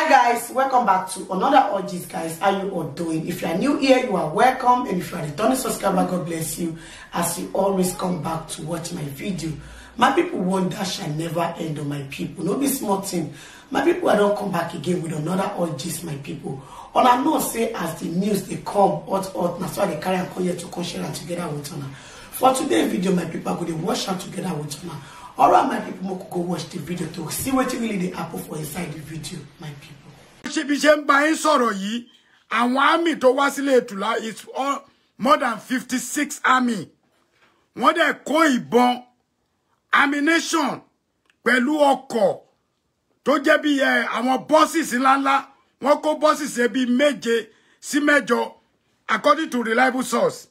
hi guys welcome back to another orgies guys how you all doing if you are new here you are welcome and if you are returning subscriber god bless you as you always come back to watch my video my people wonder shall never end on my people no be small thing my people i don't come back again with another orgies my people I know say as the news they come hot hot na so they carry and come here to come share together with una for today's video my people i go to watch am together with una all my people go watch the video to see what you really dey apple for inside the video my people. ṣe bí ṣe ń bá yín sọ̀rọ̀ army to wá to ìtura is all more than 56 army. What they call it, ìbọn ammunition To ọkọ̀ tó jẹ́ bí bosses bọ́sìsì ńláńlá wọ́n kó bọ́sìsì bíi méje sí mẹ́jọ according to reliable source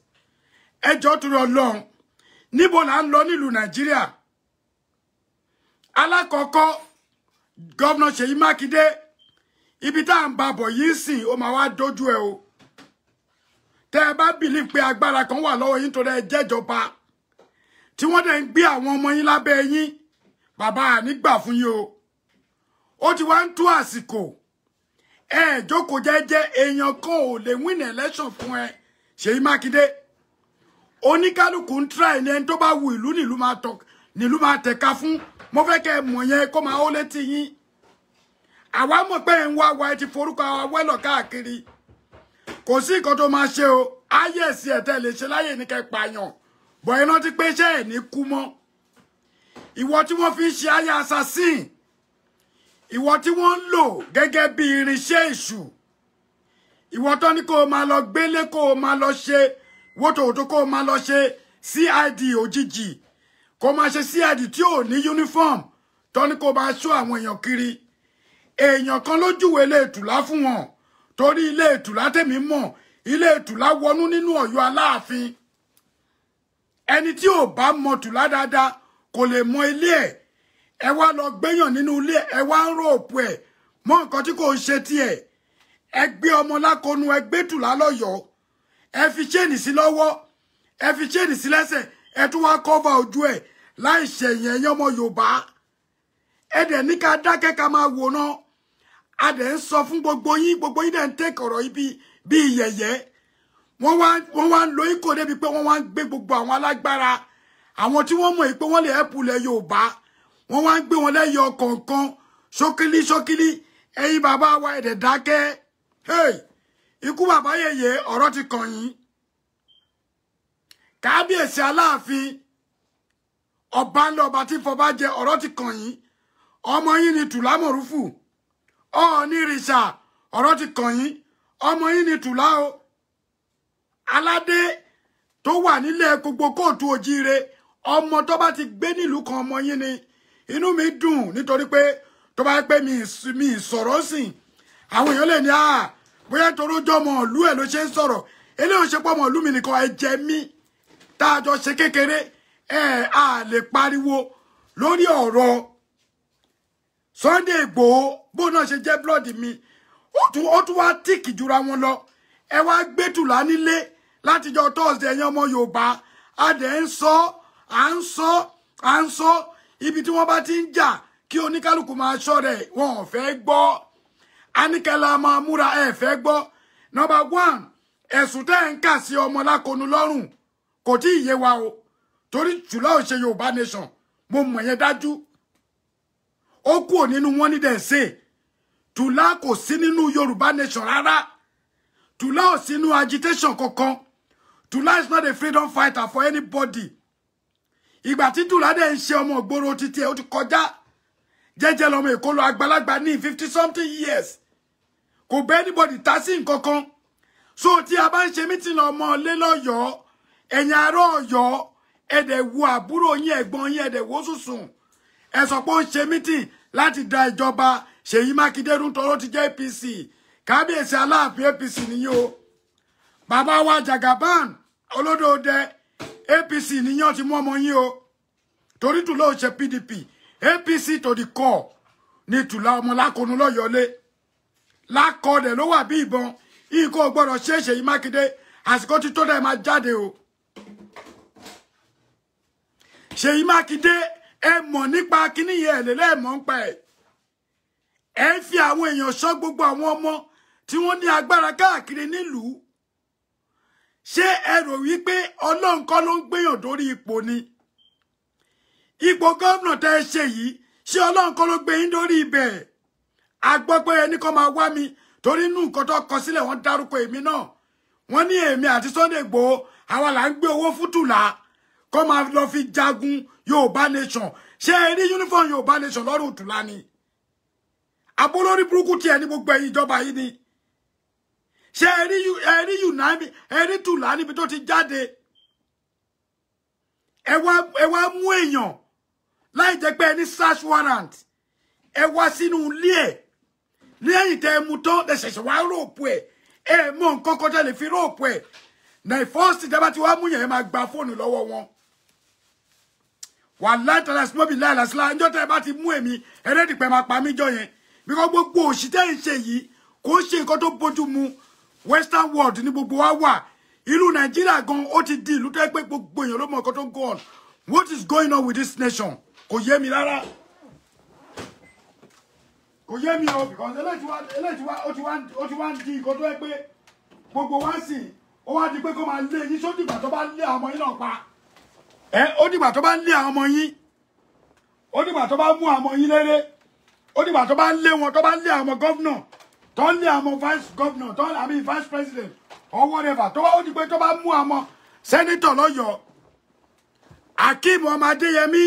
ẹjọ́ tó lọ lọ́n níbo là ń ni nílùú Nigeria alákọ̀ọ́kọ́ gọ́vnà Ṣèyí Mákindé ibi tá à ń babọ̀ yìí sìn ó máa wá dójú ẹ o tẹ́ ẹ bá agbara pé agbára kan wà lọ́wọ́ yín torí ẹ jẹ́jọba tí wọ́n dẹ̀ ń gbé àwọn ọmọ yín lábẹ́ yín bàbá ànígbà fún yín o ó ti wá ń tú àsìkò ẹ jókòó jẹ́jẹ́ èèyàn kan ò lè win election fún ẹ Ṣèyí Mákindé oníkálukú ń tíra ẹni ẹni tó bá wu ìlú nílùú máa tẹ̀ka fún mo fẹ́ kẹ́ mọ̀ yẹn kó máa ó létí yín àwa mọ̀ pé ń wá wa ẹ ti forúkọ àwa wẹ́lọ̀ káàkiri kò sí nǹkan tó máa ṣe o ayé ẹ̀sìn ẹ̀tẹ́ lè ṣe láyè ní kẹ́ pààyàn bọ̀ iná ti pé iṣẹ́ ẹ̀ ní kú mọ́ ìwọ tí wọ́n fi ń ṣe ayé assassin ìwọ tí wọ́n ń lò gẹ́gẹ́ bí irinṣẹ́ èṣù ìwọ tán ní kó o máa lọ gbélé kó o máa lọ ṣe wótòwótò kó o máa lọ ṣe CID òjijì kó máa ṣe cid tí ò ní uniform tọ́ni kó máa ṣó àwọn èèyàn kiri èèyàn kan ló júwe ilé ìtùlá fún wọn torí ilé ìtùlá tèmi mọ̀ ilé ìtùlá wọnú nínú Ọ̀yọ́ Aláàfin ẹni tí ò bá mọ tùlá dáadáa kò lè mọ ilé ẹ̀ ẹ wá lọ gbéyàn nínú ilé ẹ wá ń ròpù ẹ mọ nǹkan tí kò ń ṣe tiẹ̀ ẹ gbé ọmọ lákọnu ẹ gbé tùlá lọ́yọ̀ọ́ ẹ fi ṣéènì sí lọ́wọ́ ẹ fi ṣéènì sí lẹ́sẹ̀ ẹ tún wá cover ojú ẹ̀ láì ṣẹ̀yìn ẹ̀yìn ọmọ yorùbá ẹ dẹ̀ ní ká dákẹ́ ká máa wò náà a dẹ̀ ń sọ fún gbogbo yín gbogbo yín dẹ̀ ń tẹ́kọ̀ ọ̀rọ̀ yìí bíi yẹ̀yẹ́ wọ́n wá ń lo ikọ̀ débi pé wọ́n wá ń gbé gbogbo àwọn alágbára àwọn tí wọ́n mọ̀ pé wọ́n lè ẹ̀pù lẹ̀ yorùbá wọ́n wá ń gbé wọn lẹ́yọ kọ̀ọ̀kan ṣókílí ṣókílí ẹ̀yin bàbá wa ẹ̀dẹ̀ dákẹ́ ikú bàbá yẹ̀yẹ́ ọ̀rọ̀ ti kàn yín kábíyèsí aláàfin ọba ńlẹ ọba tí fọba jẹ ọ̀rọ̀ ti kàn yín ọmọ yín ni tùlámọrúfù ọọ̀ni rìṣà ọ̀rọ̀ ti kàn yín ọmọ yín ni tùlá o aládé tó wà nílẹ̀ gbogbo kóòtù òjíire ọmọ tó bá ti gbé nílùú kan ọmọ yín ni inú mi dùn nítorí pé tó bá pẹ́ mi sọ̀rọ̀ sìn àwọn èèyàn lè ní à bóyá torójọ́ ọmọ ìlú ẹ̀ ló ṣe ń sọ̀rọ̀ eléyìí ò ṣe pọ̀ ọmọ ìlú mi nìkan ẹ̀jẹ̀ mi tá a jọ ṣe kékeré ẹ a lè pariwo lórí ọ̀rọ̀ Sunday Igboho bó náà ṣe jẹ́ blood mi ó tún wá tíìkì jura wọn lọ ẹ wá gbẹ́tùlá nílé látijọ́ Thursday ẹ̀yàn ọmọ Yorùbá a dẹ̀ ń sọ à ń sọ à ń sọ ibi tí wọ́n bá ti ń jà kí oníkálukú máa ṣọ́ rẹ̀ wọn ò fẹ́ gbọ́ anikẹ́la máa múra ẹ̀ fẹ́ gbọ́ number one ẹ̀sùn tẹ́ ń kà sí ọmọ lákonu lọ́rùn kò tí ì yé wa o torí jùlọ ṣe yorùbá nation mo mọ̀ yẹn dájú ó kúrò nínú wọn ní dẹ̀sẹ̀ tùlá kò sí nínú yorùbá nation rárá tùlá ò sínú agitation kankan tùlá is not a freedom fighter for anybody ìgbà tí tùlá dẹ̀ ń ṣe ọmọ ìgboro títí ẹ̀ ó ti kọjá jẹ́jẹ́ lọ́mọ èkó lọ àgbàlagbà ní fifty something years kò bẹ́ anybody tá sí nǹkan kan so tí a bá ń ṣe mítìnà ọmọ ilé lọ́yọ̀ọ́ ẹ̀yin ará Ọ̀yọ́ ẹ̀dẹ̀ wo àbúrò yín ẹ̀gbọ́n yín ẹ̀dẹ̀ wo sùsùn ẹ sọ pé ó ń ṣe mítìn láti da ìjọba Ṣèyí Mákindé ń ti jẹ́ APC kábíyèsí Aláàfin APC nìyí o bàbá wa Jagaban olódòdè APC nìyí ó ti mú ọmọ yín o torí tùlọ ò ṣe PDP APC to the core ní tùlà ọmọ lákòónú lọ́yọ̀ọ́lé lákọ̀ọ́dẹ̀ ló wà bí ìbọn ìkó gbọ́dọ̀ ṣe é Ṣèyí Mákindé àsìkò tí tó dẹ̀ máa jáde o. Ṣèyí Mákindé ẹ mọ̀ nípa kíní yẹn ẹ̀ lélẹ́ mọ̀ ń pa ẹ̀ ẹ̀ ń fi àwọn èèyàn ṣọ́ gbogbo àwọn ọmọ tí wọ́n ní agbára káàkiri nílùú ṣé ẹ rò wípé ọlọ́run kọ́ ló ń gbéyàn dórí ipò ni ipò gómìnà tẹ́ ẹ ṣe yìí ṣé ọlọ́run kọ́ ló gbé yín dórí ibẹ̀ agbọ́pẹ́ ẹni kan máa wá mi torí inú nǹkan tó kọ sílẹ̀ wọ́n dárúkọ èmi náà wọ́n ní èmi àti Sunday Igboho àwa là ń gbé owó fútùlà kó máa lọ fi jagun yorùbá nation ṣé ẹ rí uniform yorùbá nation lọ́rùn tùlá ni abolórí burúkú tiẹ̀ ní gbogbo ẹ̀yìn ìjọba yìí ni ṣé ẹ rí unami ẹ tulani tùlá níbi tó ti jáde ẹ wá ẹ wá mú èèyàn láì jẹ́ pé ẹ ní search warrant ẹ wá sínú ilé ẹ̀ lẹ́yìn tẹ́ ẹ mú tán lẹ ṣẹ̀ṣẹ̀ wá róòpù ẹ̀ ẹ mọ nǹkan kọjá lè fi róòpù ẹ̀ náà ìfọ́sì tẹ́ ti wá mú yẹn ẹ gba fóònù lọ́wọ́ wọn wà láìtàlá símọ́bì láìlàsílá ẹjọ́ tẹ́ ẹ bá ti mú èmi ẹ̀rẹ́dìpẹ́ máa pa mí jọ yẹn bíkọ́ gbogbo òṣìṣẹ́ ìṣe yìí kò ṣe nǹkan tó bójú mu western world ní gbogbo wa wà ìlú nàìjíríà gan ó ti di ìlú tó yẹ pé gbogbo èèyàn ló mọ nǹkan tó go on what is going on with this nation kò yé mi rárá kò yé mi o because eléyìí ó ti wá ń di nǹkan tó yẹ pé gbogbo wa sì ó wá di pé kó máa lé yín sódì ìgbà tó bá lé àwọn ọmọ yín náà pa ẹ ó dìgbà tó bá ń lé àwọn ọmọ yín ó dìgbà tó bá mú àwọn ọmọ yín léré ó dìgbà tó bá ń lé wọn tó bá ń lé àwọn gọ́vnà tó ń lé àwọn vice governor tó àbí vice president or whatever tó bá ó di pé tó bá mú àwọn senator lọ́yọ̀ọ́ Akeem ọmọ Adéyẹmí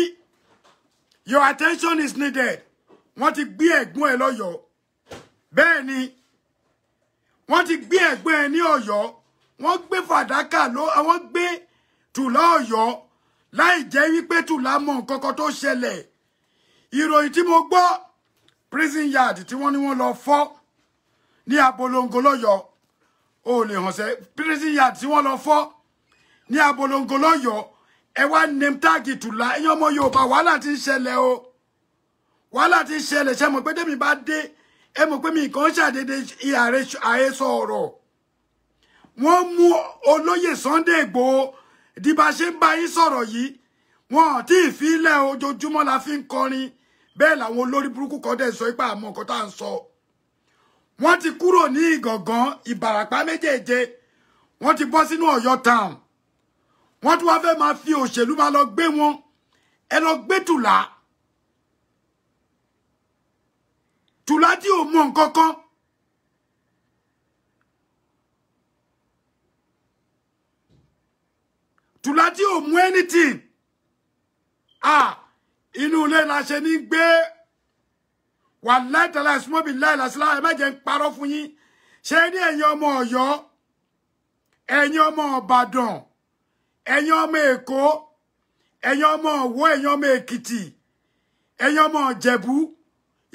your attention is needed wọ́n ti gbé ẹ̀gbọ́n ẹ lọ́yọ̀ọ́ bẹ́ẹ̀ ni wọ́n ti gbé ẹ̀gbọ́n ẹ ní Ọ̀yọ́ wọ́n gbé fàdákà ló àwọn gbé tùlá Ọ̀yọ́ láì jẹ́ wípé tùlá mọ̀ kankan tó ṣẹlẹ̀ ìròyìn tí mo gbọ́ prison yard tí wọ́n ní wọ́n lọ fọ́ ní abolongo lọ́yọ̀ọ́ o lè hàn sẹ́ prison yard tí wọ́n lọ fọ́ ní abolongo lọ́yọ̀ọ́ ẹ wá name tag tùlá ẹ̀yàn ọmọ yorùbá wàhálà ti ń ṣẹlẹ̀ o wàhálà ti ń ṣẹlẹ̀ ṣe mọ̀ pé tèmi bá dé ẹ mọ̀ pé mi kàn ṣàdédé àhesọ ọ̀rọ̀ wọ́n mú olóyè Sunday Igboho di bá ṣe ń bá yín sọ̀rọ̀ yìí wọn tí ìfilẹ̀ ojoojúmọ́ la fi ń kọrin bẹ́ẹ̀ làwọn olórí burúkú kan dẹ̀ sọ ipá àmọ́ nǹkan tá à ń sọ wọ́n ti kúrò ní ìgàngán ìbàràpá méjèèje wọ́n ti bọ́ sínú ọ̀yọ́ town wọ́n tún wá fẹ́ máa fi òṣèlú máa lọ gbé wọn ẹ lọ gbé tùlà tùlà tí ò mọ nǹkan kan Tùlájí ò mú anything ah inú ilé la ṣe ní gbé wà láìtàlá la láìlàsílá ẹ má jẹ́ ń parọ́ fún yín ṣé ní ẹ̀yin ọmọ Ọ̀yọ́ ẹ̀yin ọmọ Ìbàdàn ẹ̀yin ọmọ Èkó ẹ̀yin ọmọ Ọ̀wọ̀ ẹ̀yin ọmọ Èkìtì ẹ̀yin ọmọ Ìjẹ̀bú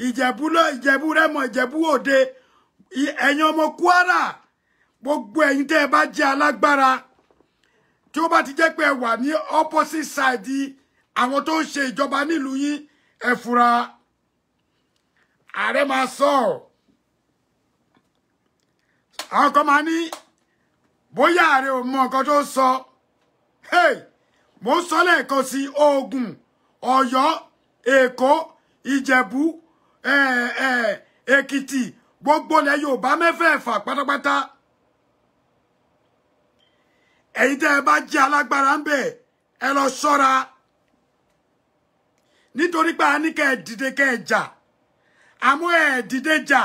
Ìjẹ̀bú lọ Ìjẹ̀bú Rẹ́mọ Ìjẹ̀bú Òde ẹ̀yin ọmọ Kwara gbogbo ẹ̀yin tẹ́ ẹ bá jẹ́ tí ó bá ti jẹ́ pé ẹ wà ní opposite side àwọn tó ń ṣe ìjọba nílùú yín ẹ fura ààrẹ máa sọ àwọn kan máa ní bóyá ààrẹ ò mọ nǹkan tó ń sọ mò ń sọ lẹ́ẹ̀kan sí Ògùn Ọ̀yọ́ Èkó Ìjẹ̀bú eh, eh, Èkìtì gbogbo ilẹ̀ Yorùbá mẹ́fẹ̀ẹ̀fà pátápátá ẹ̀yin tẹ́ ẹ bá jẹ́ alágbára ń bẹ̀ ẹ lọ ṣọ́ra nítorí pé a ní kẹ́ ẹ dìde kẹ́ ẹ jà àmọ́ ẹ dìde jà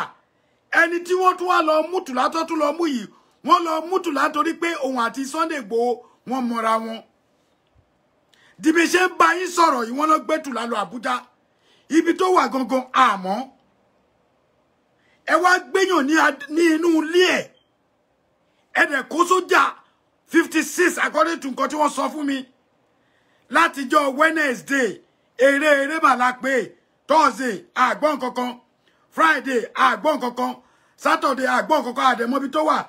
ẹni tí wọ́n tún wá lọ mútù látọ́ tún lọ mú yìí wọ́n lọ mútù látorí pé òun àti Sunday Igboho wọ́n mọra wọn dìbí ṣe ń bá yín sọ̀rọ̀ yìí wọ́n lọ gbé tù lálọ́ Àbújá ibi tó wà gangan àmọ́ ẹ wá gbéyàn ní inú ilé ẹ̀ ẹ̀ dẹ̀ kó sójà fifty six according to nǹkan tí wọ́n sọ fún mi látijọ́ wednesday eré eré màlá pé thursday àgbọ̀n kankan friday àgbọ̀n kankan saturday àgbọ̀n kankan àdèmọ́bí wa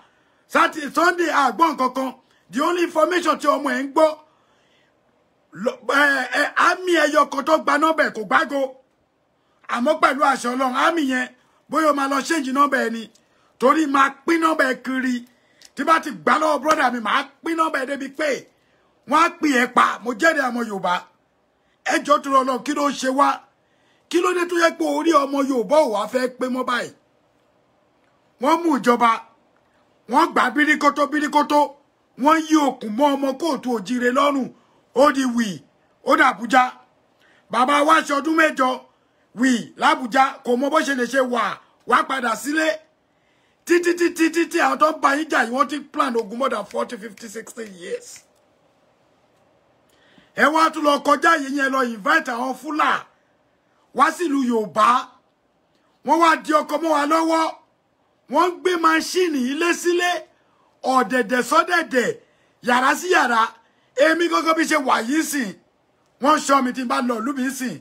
Saturday, sunday àgbọ̀n kankan the only information tí ọmọ ẹ̀ ń gbọ́ àmì ẹyọ kan tó gba nọ́mbà ẹ̀ kò gbágo àmọ́ pẹ̀lú àṣẹ ọlọ́run àmì yẹn bóyá o máa lọ ṣéǹjì nọ́mbà ni torí máa pín nọ́mbà kiri tí bá ti gbà lọ́wọ́ brọ́dà mi màá pín nọ́mbà ẹ̀ débi pé wọ́n á pín ẹ̀ pa mo jẹ́rìí ọmọ yorùbá ẹjọ́ tó lọ́ọ́ kí ló ṣe wá kí ló dé tó yẹ pé orí ọmọ yorùbá ò wá fẹ́ pé mọ́ báyìí wọ́n mú ìjọba wọ́n gbà bíríkótó bíríkótó wọ́n yí òkun mọ́ ọmọ kóòtù òjire lọ́rùn ó di wì ó dàbújá bàbá wa ṣe ọdún mẹ́jọ wì lábújá kò mọ bó ṣe lè ṣe wà wá padà sílé. Si títí títí títí àwọn tó ń bá yín jà yìí wọ́n ti plan ogun more than forty fifty sixty years ẹ wá tún lọ kọjá yìí yẹn lọ invite àwọn fúlà wá sílùú yorùbá wọ́n wá di ọkọ̀ mọ́ wa lọ́wọ́ wọ́n ń gbé máṣíìnì ilé sílé ọ̀dẹ̀dẹ̀ sọ́dẹ̀dẹ̀ yàrá sí yàrá èmi gọ́gọ́ bí ṣe wà yìí sìn wọ́n ṣọ́ mi tí n bá lọ lùmí sìn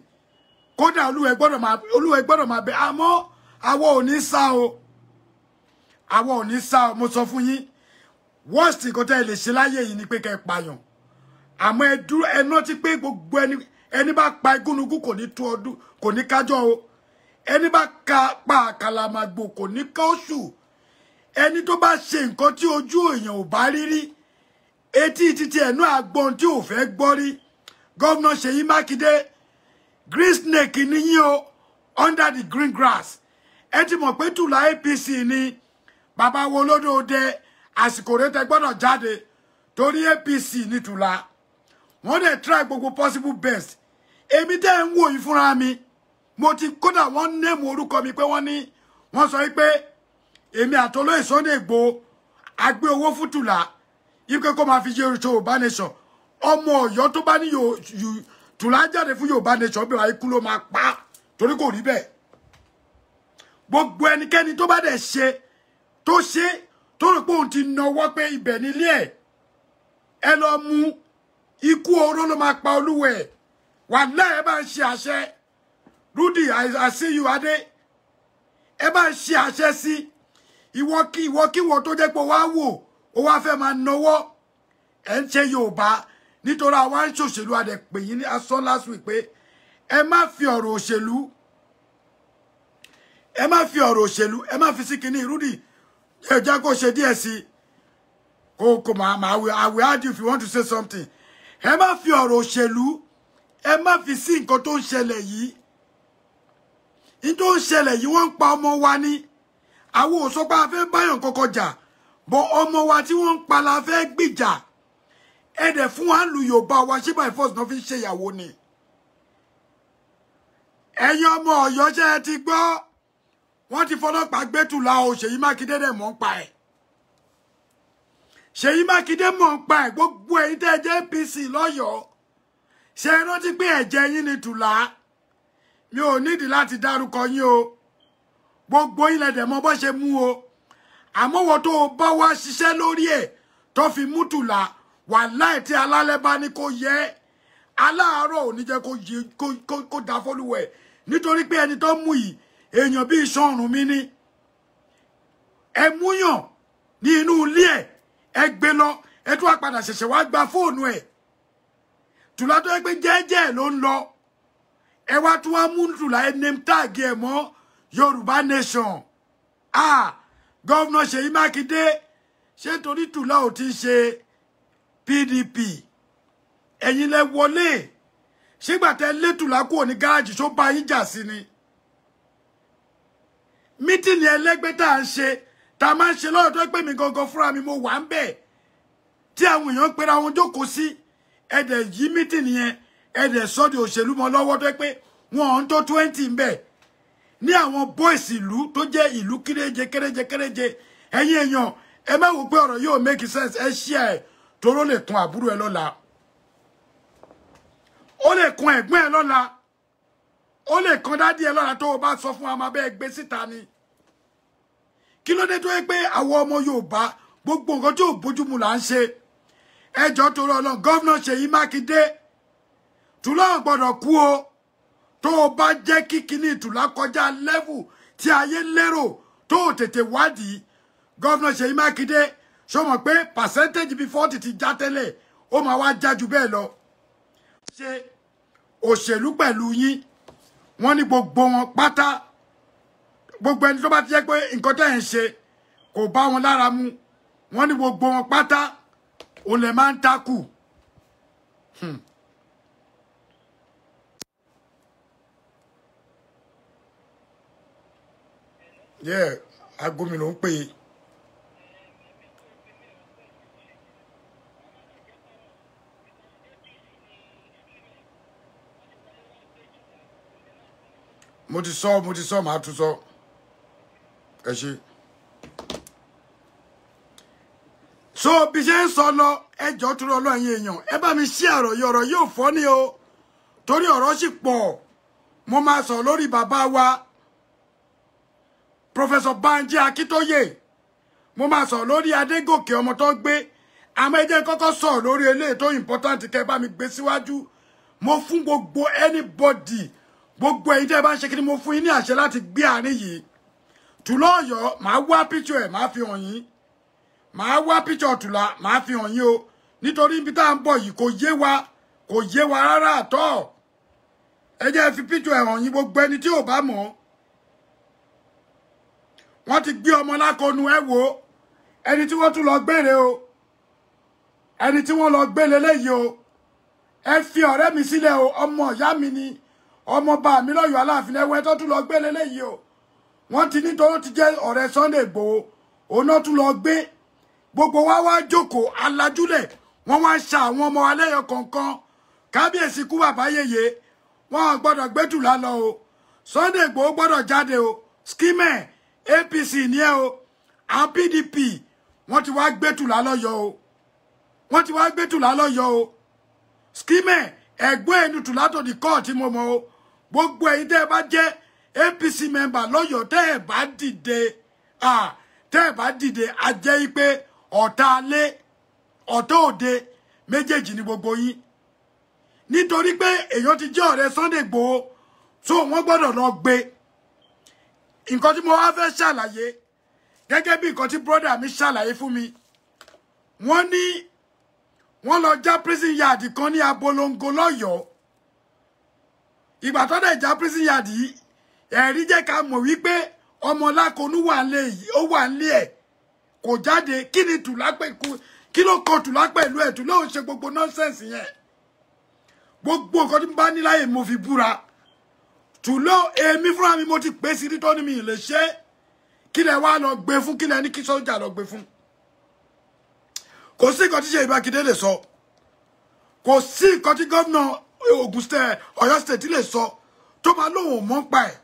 kódà olúwẹ̀ gbọ́dọ̀ máa bẹ àmọ́ àwọ̀ ò ní sá o àwọn ò ní sá mo sọ fún yín worst nǹkan tẹ́ ẹ lè ṣe láyé yìí ni pé kẹ́ ẹ pààyàn àmọ́ ẹ dúró ẹ rántí pé gbogbo ẹni ẹni bá pa igúnnugún kò ní tú ọdún kò ní kájọ́ o ẹni bá ka pa àkàlàmàgbò kò ní ká oṣù ẹni tó bá ṣe nǹkan tí ojú èèyàn ò bá rí rí etí títí ẹnu àgbọn tí ò fẹ́ gbọ́ rí gómìnà Ṣèyí Mákindé green snake ni yín o under the green grass ẹ ti mọ̀ pé tùlà APC ni baba wo lódòde àsìkò rẹ tẹ gbọ́dọ̀ jáde torí APC nìtùlá wọ́n dẹ̀ try gbogbo possible best èmi tẹ́ ń wò yìí fúnra mi mo ti kódà wọ́n nẹ́ẹ̀mù orúkọ mi pé wọ́n ní wọ́n sọ pé èmi àtolóyè Sunday Igboho agbé owó fútùlà yípe kó máa fi jẹ́ Yorùbá nation to Ọ̀yọ́ tó bá ní tùlá jáde fún Yorùbá nation bí wàá ikú ló máa pa torí kò rí bẹ́ẹ̀ gbogbo ẹnikẹ́ni tó bá dẹ̀ ṣe tó ṣe tó rò pé òun ti nawọ́ pé ibẹ̀ nílé ẹ̀ ẹ lọ mú ikú oró ló máa pa olúwẹ̀ wà láì ẹ bá ń ṣe àṣẹ Rudy àṣeyù adé ẹ bá ń ṣe àṣẹ sí ìwọkíwọ tó jẹ́ pé wá wò ó wá fẹ́ máa nawọ́ ẹ ń ṣe Yorùbá nítorí àwa ń adẹ pè yín ní last week pé ẹ má fi ọ̀rọ̀ òṣèlú ẹ má fi ọ̀rọ̀ òṣèlú ẹ má fi sí kinní Rudy ẹ jẹ́ kó ṣe díẹ̀ sí kó kó máa I will add you if you want to say something ẹ má shelu, ọ̀rọ̀ òṣèlú ẹ má fi sí nǹkan tó ń ṣẹlẹ̀ yìí ní tó ń ṣẹlẹ̀ yìí wọ́n ń pa ọmọ wa ní àwọn ò sọ pé a fẹ́ báyàn kọ́kọ́ jà bọ́ ọmọ wa tí wọ́n ń pa la fẹ́ gbìjà ẹ dẹ̀ fún wa lu Yorùbá wa ṣé by force náà fi ń ṣèyàwó ni ẹ̀yin ọmọ Ọ̀yọ́ ti gbọ́ wọ́n ti fọlọ́pàá gbẹ́tùlá o Ṣèyí Mákindé dẹ̀ mọ́ ń pa ẹ̀ Ṣèyí Mákindé mọ̀ ń pa ẹ̀ gbogbo ẹ̀yin tẹ́ ẹ jẹ́ APC lọ́yọ̀ọ́ ṣe é rántí pé ẹ̀jẹ̀ yín ni tùlá mi ò nídìí láti dárúkọ yín o gbogbo ilẹ̀ dẹ̀ mọ bọ́ ṣe mú o àmọ́ wọ́n tó bá wá ṣiṣẹ́ lórí ẹ̀ tó fi mú tùlà wàláì tí alálẹ̀ bá ní kó yẹ aláàárọ̀ ò ní jẹ́ kó dá nítorí pé ẹni tó mú yìí èèyàn bíi iṣan mi ni ẹ múyàn ní inú ilé ẹ ẹ gbé lọ ẹ tún wá padà ṣẹ̀ṣẹ̀ wá gba fóònù ẹ tùlá tó yẹ pé jẹ́ẹ́jẹ́ ló ń lọ ẹ wá tún wá mú tùlá ẹ name tag ẹ mọ́ Yorùbá nation a, gọ́vnà Ṣèyí Mákindé ṣé torí tùlá ò ti ṣe PDP ẹ̀yin lẹ wọlé ṣígbà tẹ lé tùlá kúrò ní gáàjì tó bá yín jà sí ni mítìnì ẹlẹ́gbẹ́ tá à ń ṣe tá a máa ń ṣe lọ́dọ̀ tó pè mí gangan fúnra mi mo wà ń bẹ̀ tí àwọn èèyàn pera wọn jókòó sí ẹ̀dẹ̀ yí mítìnì yẹn ẹ̀dẹ̀ sọ́dí òṣèlú mọ́ lọ́wọ́ tó pé wọn ò ń tó twenty ń bẹ̀ ní àwọn boys ìlú tó jẹ́ ìlú kéréje kéréje kéréje ẹ̀yin èèyàn ẹ má wò pé ọ̀rọ̀ yóò make sense ẹ ṣí ẹ̀ toró lè kan àbúrò ẹ lọ́la ó lè kan ẹ̀gbọ́n ẹ lọ́la ó lè kan dádì ẹ lọ́ra tó o bá sọ fún wa máa bẹ́ẹ̀ gbé síta ni kí ló dé tó yẹ pé àwọn ọmọ Yorùbá gbogbo nǹkan tí ò bójúmu là ń ṣe ẹjọ́ torí Ọlọ́run gọ́vnà Ṣèyí Mákindé tùlọ́run gbọ́dọ̀ kú o tó o bá jẹ́ kí kinní ìtùlá kọjá lẹ́vù tí ayé lérò tó o tètè wádìí gọ́vnà Ṣèyí Mákindé ṣó mọ̀ pé ti já tẹ́lẹ̀ ó máa wá já ju bẹ́ẹ̀ lọ ṣe òṣèlú wọ́n ní gbogbo wọn pátá gbogbo ẹni tó bá ti jẹ́ pé nǹkan tẹ́ ẹ̀ ń ṣe kò bá wọn lára mu wọ́n ní gbogbo wọn pátá òun máa ń takù. Hmm. yeah agomi ló ń pè é. mo ti sọ mo ti sọ màá tún sọ ẹ ṣe. so bí ṣe ń sọ lọ ẹjọ́ tó rọ lọ́yìn èèyàn ẹ bá mi ṣí àrọ̀ yìí ọ̀rọ̀ yóò fọ́ ni o torí ọ̀rọ̀ sì pọ̀ mo máa sọ lórí bàbá wa Professor Banji Akitoye mo máa sọ lórí Adégòkè ọmọ tó ń gbé àmọ́ ẹ jẹ́ kọ́kọ́ sọ lórí eléyìí tó important kẹ́ bá mi gbé síwájú mo fún gbogbo anybody gbogbo ẹ̀yin tẹ́ bá ń ṣe kí ni mo fún yín ní àṣẹ láti gbé àárín yìí tùlọ Ọ̀yọ́ màá wá píṣọ ẹ màá fi hàn yín màá wá píṣọ tùlà màá fi hàn yín o nítorí ibi tá à ń bọ̀ yìí kò yé wa kò yé wa rárá àtọ ẹ jẹ́ fi píṣọ ẹ hàn yín gbogbo ẹni tí ò bá mọ̀ wọ́n ti gbé ọmọ lákọnu ẹ wò ẹni tí wọ́n tún lọ gbére o ẹni tí wọ́n lọ gbélé léyìí o ẹ fi ọ̀rẹ́ mi sílẹ̀ o ọmọ ìyá mi ni ọmọọba mi lọ́yọ̀ọ́ aláàfin ẹwẹ́ tó tún lọ gbé lélẹ́yìí o wọ́n ti nítorí ti jẹ́ ọ̀rẹ́ Sunday Igboho òun náà tún lọ gbé gbogbo wa wá jókòó alájúlẹ̀ wọ́n wá ń ṣa àwọn ọmọ alẹ́yọ kọ̀ọ̀kan kábíyèsí kú bàbá yèyé wọ́n gbọ́dọ̀ gbẹ́tùlá lọ o Sunday Igboho gbọ́dọ̀ jáde o skimẹ̀ APC ní ẹ o àwọn PDP wọ́n ti wá gbẹ́tùlá lọ́yọ̀ o wọ́n ti wá gbẹ́tùlá lọ́yọ̀ o skimẹ̀ ẹ̀gbọ́n ẹ̀nùtù látòdì kọ́ọ̀tì mọ́mọ́ o gbogbo ẹ̀yin tẹ́ ẹ bá jẹ́ APC member lọ́yọ̀ọ́ tẹ́ ẹ bá dìde tẹ́ ẹ bá dìde a jẹ́ pé ọ̀tá alé ọ̀tá òde méjèèjì ni gbogbo yín nítorí pé èèyàn ti jẹ́ ọ̀rẹ́ Sunday Igboho so wọ́n gbọ́dọ̀ lọ gbé nǹkan tí mo wá fẹ́ ṣàlàyé gẹ́gẹ́ bí nǹkan tí brọ́dà mi ṣàlàyé fún mi wọ́n ní wọ́n lọ já prison yard kan ní abolongo lọ́yọ̀ọ́ ìgbà tó dẹ̀ já prison yard yìí ẹ̀rí jẹ́ ká mọ̀ wípé ọmọ lákonú wà lé yìí ó wà lé ẹ̀ kò jáde kí ni tùlá pẹ̀lú kí ló kọ tùlá pẹ̀lú ẹ̀ tùlá ò ṣe gbogbo nọ́ńsẹ̀nsì yẹn gbogbo nǹkan tí mo bá ní láyè mo fi búra tùlá èmi fúnra mi mo ti pè sí títọ́ ní mi lè ṣe kí lẹ wá lọ gbé fún kí lẹ ní kí sọ́jà lọ gbé fún kò sí nǹkan tí ṣe ìbákidé lè sọ kò sí nǹkan tí gómìnà Ògùn state Ọ̀yọ́ state lè so tó máa lóun mọ́ pa ẹ̀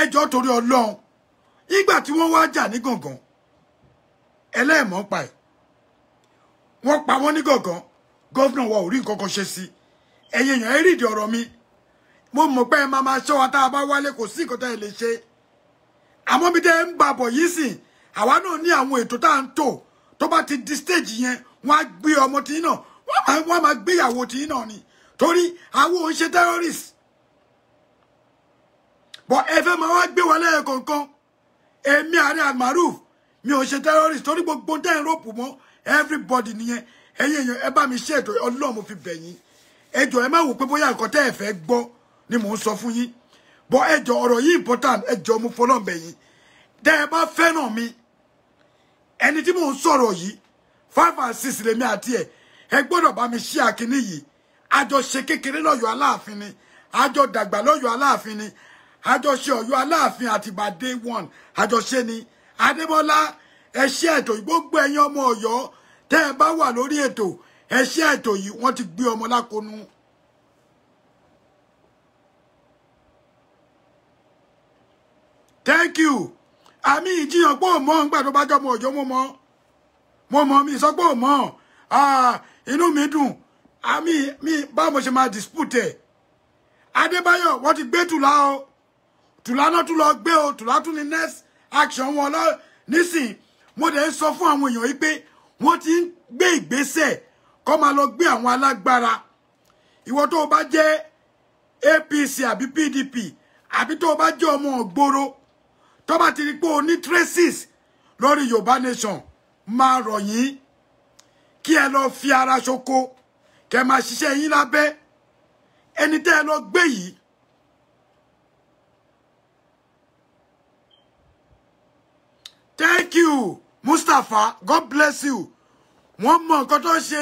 ẹjọ́ torí Ọlọ́run ìgbà tí wọ́n wá jà ní gàngàn ẹlẹ́ẹ̀mọ́ pa ẹ̀ wọ́n pa wọ́n ní gàngàn gọ́vnà wa ò rí nǹkan kan ṣe sí ẹ̀yin èèyàn ẹ rí ìdí mi mo mọ̀ pé ẹ máa máa ṣọ́ wa tá a bá wálé kò sí nǹkan tá ẹ lè ṣe àmọ́ bí ba bọ̀ yìí sìn àwa náà ní àwọn ètò tá à ń tò ti di stage yen wọ́n á gbé ọmọ tìyín náà wọ́n á máa gbéyàwó tìyín náà ni torí àwọn òun ṣe terrorist bọ ẹ fẹ́ máa wá gbé wa lẹ́yìn kọ̀ọ̀kan èmi ààrẹ almaruf mi ò ṣe terrorist torí gbogbo tẹ́ ń rọ́pù mọ́ everybody nìyẹn ẹ̀yin èèyàn ẹ bá mi ṣe ètò ọlọ́run mo fi bẹ̀ yín ẹ má wò pé bóyá nǹkan tẹ́ ẹ fẹ́ gbọ́ ni mò ń sọ fún yín bọ ẹ ọ̀rọ̀ yìí important ẹ jọ̀ọ́ mo fọlọ́n bẹ̀ yín tẹ́ ẹ bá fẹ́ràn mi ẹni tí mò ń sọ̀rọ̀ yìí five and six lèmi àti ẹ ẹ gbọ́dọ̀ bá mi ṣí àkíní yìí àjọ ṣe kékeré lọ́yọ̀ aláàfin ni àjọ dàgbà lọ́yọ̀ aláàfin ni àjọ ṣe ọ̀yọ́ aláàfin àtìgbà day one àjọ ṣe ni adébọ́lá ẹṣẹ́ ètò yìí gbogbo ẹ̀yin ọmọ ọ̀yọ́ tẹ́ ẹ bá wà lórí ètò ẹṣẹ́ ètò yìí wọ́n ti gbé ọmọ lákòónú. thank you àmì ìjiyàn pé ò mọ nígbà tó bá jọ ọmọ ọ̀yọ́ mo mọ mo mọ mi sọ pé ò mọ ah, inú mi dùn àmì ah, mi báwo mo ṣe máa dispute ẹ̀ adébáyọ̀ wọ́n ti gbé tùlá o tùlá náà tún lọ gbé o tùlá tún ní next action wọn lọ nísìn mo dẹ̀ ń sọ fún àwọn èèyàn yìí pé wọ́n ti ń gbé ìgbésẹ̀ kó máa lọ gbé àwọn alágbára ìwọ tó o bá jẹ́ apc àbí pdp àbí tó o bá jẹ́ ọmọ ògbóró tó ti rí pé o ní traces lórí yorùbá nation máa rọ̀ yín kí ẹ fi ara ṣoko kẹ máa ṣiṣẹ́ yín lábẹ́ ẹni tẹ́ ẹ lọ gbé yìí thank you Mustapha God bless you wọ́n mọ nǹkan tó ń ṣe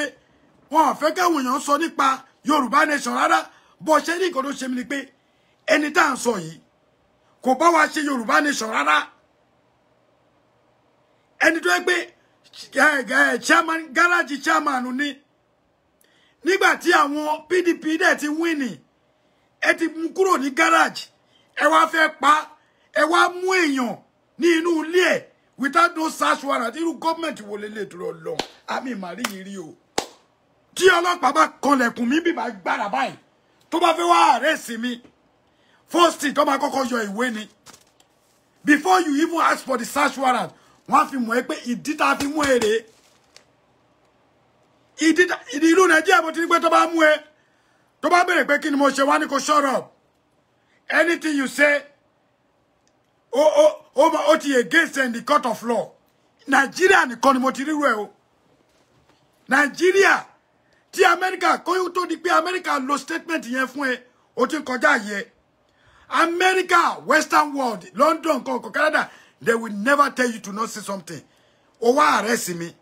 wọn ò fẹ́ káwọn èèyàn sọ nípa Yorùbá nation rárá bó ṣe ní nǹkan tó ṣe mí ni pé ẹni tá à ń sọ yìí kò bá wa ṣe Yorùbá nation rárá ẹni tó yẹ pé eh, eh, chairman gáràjì chairman ni nígbà tí àwọn PDP dẹ̀ ti wíìnì ẹ ti mú kúrò ní gáràjì ẹ wá fẹ́ pa ẹ wá mú èèyàn ní inú ilé ẹ̀ without no search warrant irú gọ́ọ̀mẹ̀ntì wo lè lè dúró lọ àmì ìmàrí yìí rí o tí ọlọ́pàá bá kanlẹ̀kùn mi bí màá gbára báyìí tó bá fẹ́ wá àrẹ́sì mi first thing tó máa kọ́kọ́ yọ ìwé ni before you even ask for the search warrant wọ́n á fi mọ̀ ẹ́ pé ìdí tá a fi mú èrè ìdí ìlú nàìjíríà bó ti ní pé tó bá mú ẹ tó bá béèrè pé kí ni mo ṣe wá ní kó anything you say ó ó ó ó ti against in the court of law nàìjíríà nìkan ni mo ti ríru ẹ o nàìjíríà tí amẹ́ríkà kóyún tó di pé amẹ́ríkà lo statement yẹn fún ẹ ó ti ń kọjá yẹ western world london kọ̀ọ̀kan canada they will never tell you to not say something ó arrest me! mi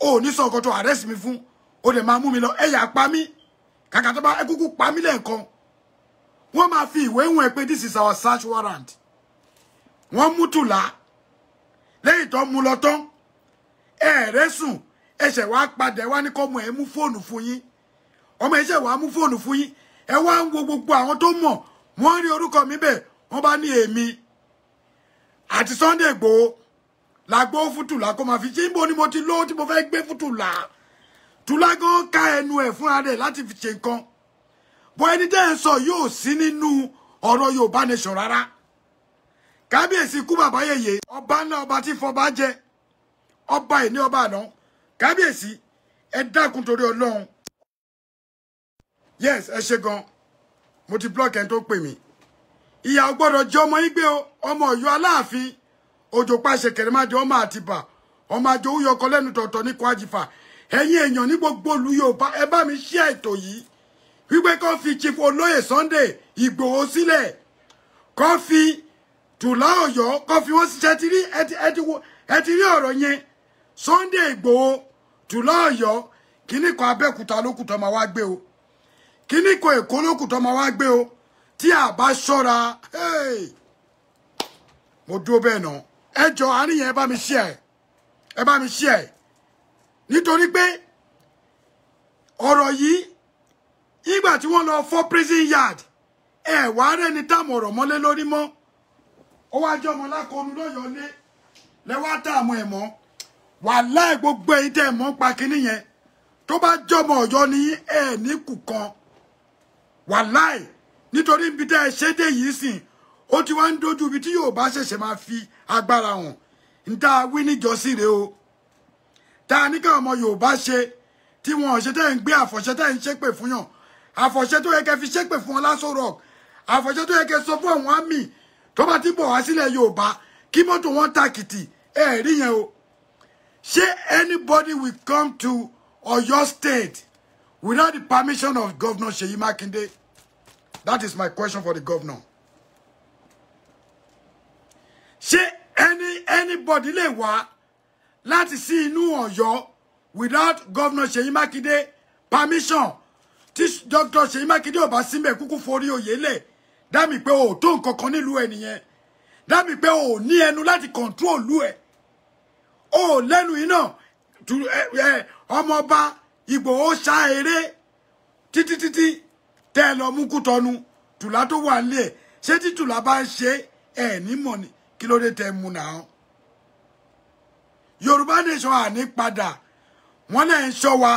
ó ní sọ̀kọ̀ to arrest me fún O lè máa mú mi lọ ẹ̀yà pa mí kàkà tó bá ẹ kúkú pa mí lẹ́ẹ̀kan wọ́n máa fi ìwé ìwọ̀n ẹ pé this is our search warrant wọ́n mú tùlá lẹ́yìn tó mú lọ tán ẹ̀ẹ́rẹ́ sùn ẹ̀ṣẹ̀ wá padà wá ní kọ́mọ ẹ̀ mú fóònù fún yín ọmọ ẹ̀ṣẹ̀ wá mú fóònù fún yín ẹ wá ń wo gbogbo àwọn tó mọ̀ wọ́n rí orúkọ mi bẹ́ẹ̀ wọ́n bá ní èmi àti Sunday Igboho la gbọ́ fútùlà kó máa fi ṣe ń bo ni mo ti lówó tí mo fẹ́ gbé fútùlà túlágán ká ẹnu e fúnra rẹ̀ láti fi ṣe nǹkan bọ́ ẹni tẹ́ ẹ̀ ń sọ yóò sí nínú ọ̀rọ̀ Yorùbá nation rárá kábíyèsí kú bàbá yèyé ọba ńlá ọba tí fọba jẹ ọba ìní ọba àná kábíyèsí ẹ dákun torí Ọlọ́run yes ẹ ṣe gan mo ti block ẹni tó pè mí omo ò gbọ́dọ̀ jẹ ọmọ yín gbé ọmọ Ọ̀yọ́ Aláàfin ma pàṣẹ kẹrìmájọ ọmọ Àtìbà ọmọ àjò òwúyọkọ lẹ́nu tọ̀ọ̀tọ̀ ní Kwajifà ẹ̀yin èèyàn ní gbogbo ìlú Yorùbá ẹ bá mi ṣí ètò yìí wípé kó fi chief olóyè Sunday Ìgbòho sílẹ̀ kó fi tùlá Ọ̀yọ́ kó fi wọ́n ṣiṣẹ́ ti rí ẹ ti rí ọ̀rọ̀ yẹn Sunday Ìgbòho tùlá Ọ̀yọ́ kíní kan Abẹ́òkúta lókù tó máa wá gbé o kíní kan Èkó lókù tó máa wá gbé o tí a bá ṣọ́ra mo dúró bẹ́ẹ̀ náà ẹ jọ àárín yẹn ẹ bá mi ṣí ẹ ẹ bá mi ṣí ẹ nítorí pé ọ̀rọ̀ yìí nígbà tí wọ́n lọ fọ́ prison yard ẹ̀ wá rẹ́ni táàmù ọ̀rọ̀ mọ́lé lórí mọ́ ó wá jẹ́ ọmọ lákọọ̀nù lọ́yọ̀ọ́ lé lẹ́wọ́ táàmù ẹ̀ mọ́ wàláì gbogbo ẹ̀yin tẹ́ ẹ̀ mọ́ pa kínní yẹn tó bá jọmọ Ọ̀yọ́ ní ẹ̀ ní kù kan wàláì nítorí ibi tẹ́ ẹ ṣe dé yìí sìn ó ti wá ń dojú ibi tí Yorùbá ṣẹ̀ṣẹ̀ máa fi agbára hàn ń tá a wí níjọ́sí rèé o tá ọmọ Yorùbá ṣe tí wọn ṣe tẹ́ ń gbé àfọ̀ṣẹ́ tẹ́ ń ṣépè fún yàn àfọ̀ṣẹ́ tó yẹ kẹ́ fi ṣépè fún wọn lásán rock àfọ̀ṣẹ́ tó yẹ kẹ́ sọ fún àwọn àmì tó bá ti bọ̀ wá sílẹ̀ Yorùbá kí mọ́tò wọn tàkìtì ẹ rí yẹn o ṣé anybody will come to Oyo State without the permission of Governor Seyi Makinde that is my question for the governor ṣé any anybody lè wá láti sí inú Ọ̀yọ́ without governor Ṣèyí Mákindé permission tí Doctor Ṣèyí Mákindé ò bá síbẹ̀ kúkú forí oyè lẹ̀ dámì pé o ò tó nǹkan kan nílùú ẹ nìyẹn dámì pé o ò ní ẹnu láti kọ̀ǹtróòlù ẹ o ò lẹ́nu iná ọmọọba Ìgbòho ṣá eré títí títí tẹ́ ẹ lọ mú Kútọ́nù tùlá tó wà nílé ẹ ṣé tí tùlá bá ń ṣe ẹ ní mọ̀ ni kí ló dé tẹ́ mú nàá yorùbá nation àní padà wọn náà ń ṣọ́ wa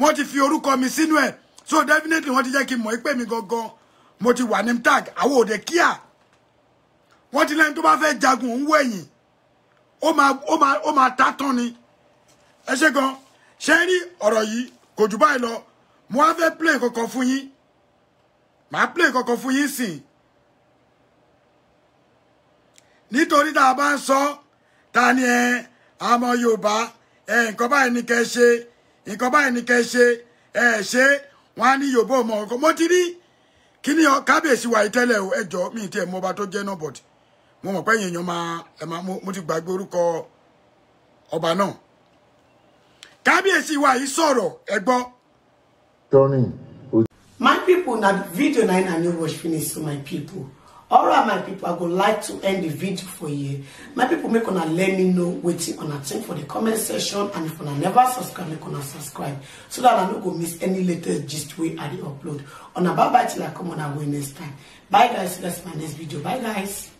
wọn ti fi orúkọ mi sínú ẹ̀ so definitely wọn ti jẹ́ kí n mọ̀ pé mi gangan mo ti wà ní tag àwọn òde kíá wọn ti lẹ́ni tó bá fẹ́ jagun òun wọ ẹ̀yìn ó máa ó máa ó máa ta tán ni ẹ ṣe gan ṣe rí ọ̀rọ̀ yìí kò jù báyìí lọ mo wá fẹ́ play kankan fún yín màá play kankan fún yín sìn nítorí tá a bá ń sọ ta ni ẹ. Eh, àmọ́ yorùbá ẹ nǹkan báyìí ni kẹ́ ṣe nǹkan báyìí ni kẹ́ ṣe ẹ ṣe wọn á ní yorùbá ọmọ ọkọ mo ti rí kí ni kábíyèsí wa ìtẹ́lẹ̀ ẹ jọ mi ti ẹ̀ mọ ọba tó jẹ náà bọ̀dì mo mọ̀ pé èèyàn máa ẹ̀ máa mo ti gbàgbé orúkọ ọba náà kábíyèsí wa yìí sọ̀rọ̀ ẹ gbọ́. my people na video na i na new watch finish so my people. all right my people i would like to end the video for you. my people make una let me know on a thing for the comment section and if una never subscribe make una subscribe so that i don't go miss any latest gist wey i upload. On a bye bye till i come on our way next time bye guys That's my next video bye guys